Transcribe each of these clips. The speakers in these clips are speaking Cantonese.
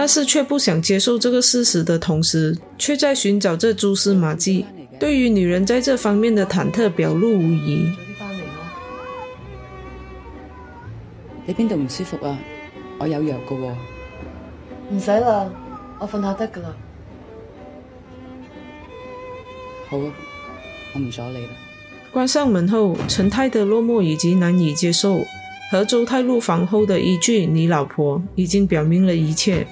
但是卻不想接受這個事實的同時，卻在尋找着蛛絲馬迹。對於女人在這方面的忐忑，表露無遺。你邊度唔舒服啊？我有藥噶喎。唔使啦，我瞓下得噶啦。好啊，我唔阻你啦。關上門後，陳太的落寞以及難以接受，和周太入房後的一句“你老婆”，已經表明了一切。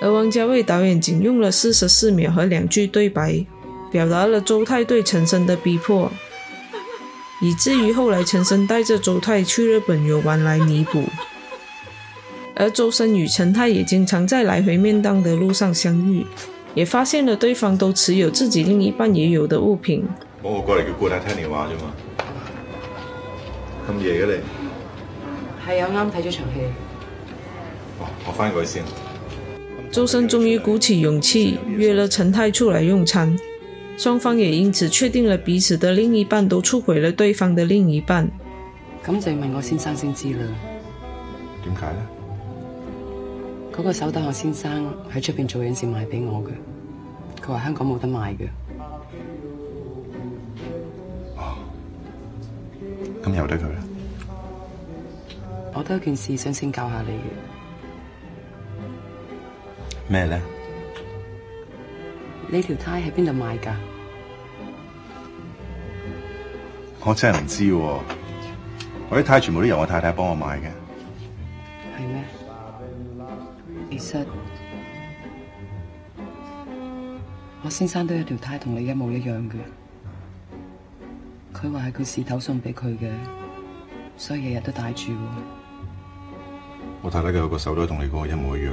而王家衛導演僅用了四十四秒和兩句對白，表達了周泰對陳生的逼迫，以至於後來陳生帶着周泰去日本遊玩來彌補。而周深與陳太也經常在來回麵檔的路上相遇，也發現了對方都持有自己另一半也有的物品。幫我掛一個過來，聽你話啫嘛？咁夜嘅你？係啊，啱睇咗場戲。哦，我翻去先。周生終於鼓起勇氣約了陳太出來用餐，雙方也因此確定了彼此的另一半都出軌了對方的另一半。咁就要問我先生先知啦。點解呢？嗰、那個手袋我先生喺出邊做嘢時買俾我嘅，佢話香港冇得賣嘅。哦，咁由得佢啦。我都有件事想請教下你嘅。咩咧？你條胎喺邊度買噶？我真係唔知喎，我啲胎全部都由我太太幫我買嘅。係咩？其實 a... 我先生都有一條胎同你一模一樣嘅，佢話係佢事頭送俾佢嘅，所以日日都戴住。我太太嘅有個手都同你嗰個一模一樣。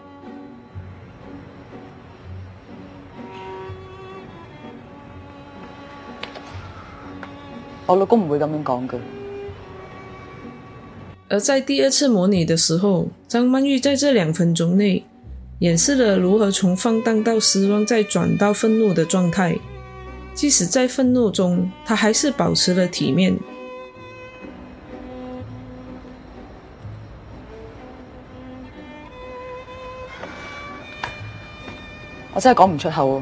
我老公唔會咁樣講嘅。而在第二次模擬嘅時候，張曼玉在這兩分鐘內演示了如何從放蕩到失望，再轉到憤怒的狀態。即使在憤怒中，她還是保持了體面。我真係講唔出口喎。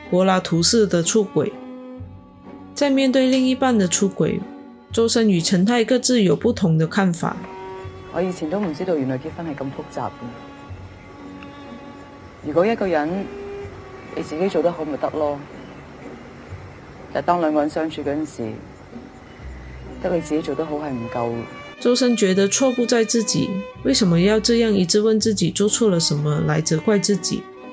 柏拉圖式的出軌，在面對另一半的出軌，周生與陳太各自有不同的看法。我以前都唔知道，原來結婚是這麼複雜的。如果一個人你自己做得好，咪得咯。但當兩個人相處嗰時候，得你自己做得好係唔夠。周生覺得錯不在自己，為什麼要這樣一直問自己做錯了什麼來責怪自己？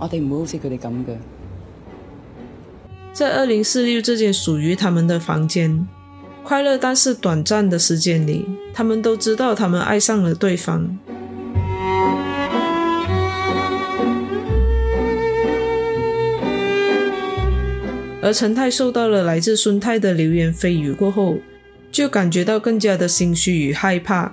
我哋唔好似佢哋咁嘅。在二零四六這間屬於他們的房間，快樂但是短暫的時間裏，他們都知道他們愛上了對方。而陳太受到了來自孫太的流言蜚語過後，就感覺到更加的心虛與害怕。